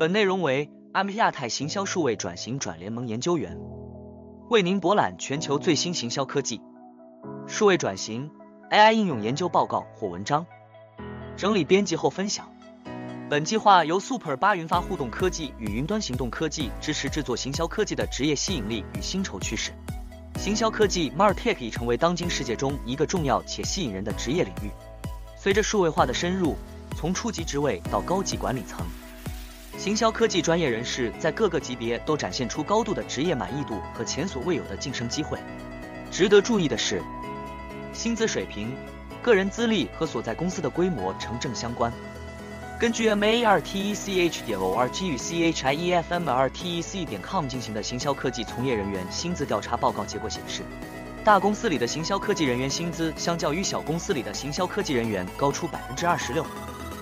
本內容為阿米亞太行銷數位轉型轉聯盟研究員為您博覽全球最新行銷科技數位轉型 AI 應用研究報告或文章，整理編輯後分享。本計劃由 Super 八雲發互動科技與雲端行動科技支持製作，行銷科技的職業吸引力與薪酬趨勢。行銷科技 MarTech 已成為當今世界中一個重要且吸引人的職業領域。隨着數位化的深入，從初級職位到高級管理層。行銷科技專業人士在各個級別都展現出高度的職業滿意度和前所未有的晉升機會。值得注意的是，薪資水平、個人資歷和所在公司的規模呈正相關。根據 M A R T E C H 點 O R G 與 C H I E F M R T E C 點 com 進行的行銷科技從業人員薪資調查報告結果顯示，大公司裡的行銷科技人員薪資相較於小公司裡的行銷科技人員高出百分之二十六。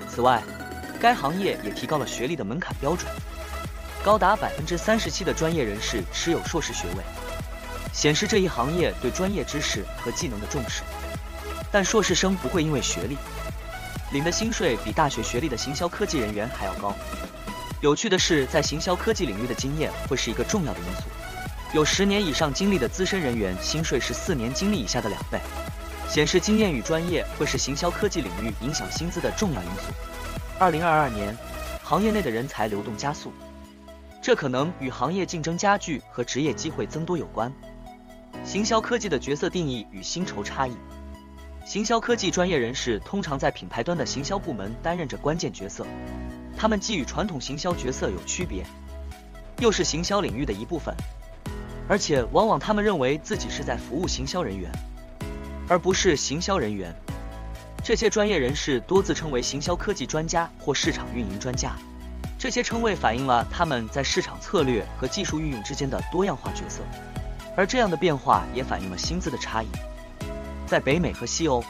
此外，該行業也提高了學歷的門檻標準，高達百分之三十七的專業人士持有碩士學位，顯示這一行業對專業知識和技能的重視。但碩士生不會因為學歷領的薪水比大學學歷的行銷科技人員還要高。有趣的是，在行銷科技領域的經驗會是一個重要的因素。有十年以上經歷的資深人員薪水是四年經歷以下的兩倍，顯示經驗與專業會是行銷科技領域影響薪資的重要因素。二零二二年，行業內的人才流動加速，這可能與行業競爭加劇和職業機會增多有關。行銷科技的角色定義與薪酬差異。行銷科技專業人士通常在品牌端的行銷部門擔任着關鍵角色，他們既與傳統行銷角色有區別，又是行銷領域的一部分，而且往往他們認為自己是在服務行銷人員，而不是行銷人員。這些專業人士多自稱為行銷科技專家或市場運營專家，這些稱謂反映了他們在市場策略和技術運用之間的多樣化角色。而這樣的變化也反映了薪資的差異。在北美和西歐，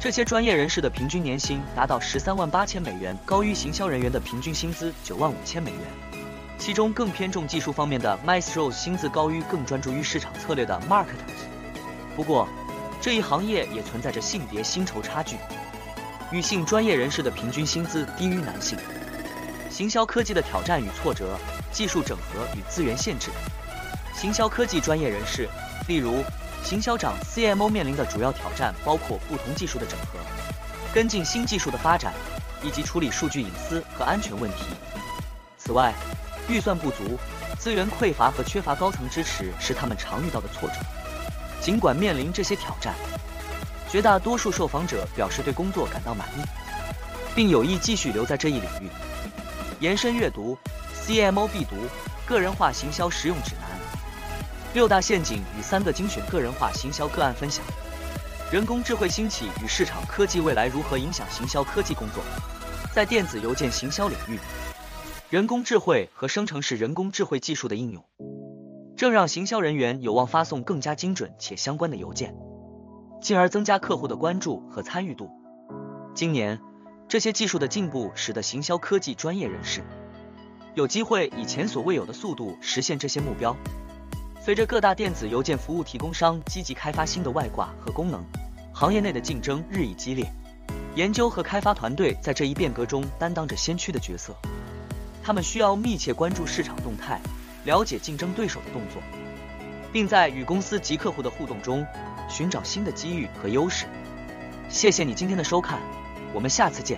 這些專業人士的平均年薪達到十三萬八千美元，高於行銷人員的平均薪資九萬五千美元。其中更偏重技術方面的 MarTechs 薪資高於更專注於市場策略的 Marketers。不過，這一行業也存在着性別薪酬差距，女性專業人士的平均薪資低於男性。行銷科技的挑戰與挫折，技術整合與資源限制。行銷科技專業人士，例如行銷長 CMO，面臨的主要挑戰包括不同技術的整合、跟進新技術的發展，以及處理數據隱私和安全問題。此外，預算不足、資源匱乏和缺乏高層支持是他們常遇到的挫折。儘管面臨這些挑戰，絕大多數受訪者表示對工作感到滿意，並有意繼續留在這一領域。延伸閱讀：CMO 必讀《個人化行銷實用指南》、六大陷阱與三個精選個人化行銷個案分享。人工智慧興起與市場科技未來如何影響行銷科技工作？在電子郵件行銷領域，人工智慧和生成式人工智慧技術的應用。正讓行銷人員有望發送更加精準且相關的郵件，進而增加客戶的關注和參與度。今年，這些技術的進步使得行銷科技專業人士有機會以前所未有的速度實現這些目標。隨着各大電子郵件服務提供商積極開發新的外掛和功能，行業內的競爭日益激烈。研究和開發團隊在這一變革中擔當着先驅的角色，他們需要密切關注市場動態。了解競爭對手的動作，並在與公司及客戶的互動中尋找新的機遇和優勢。謝謝你今天的收看，我們下次見。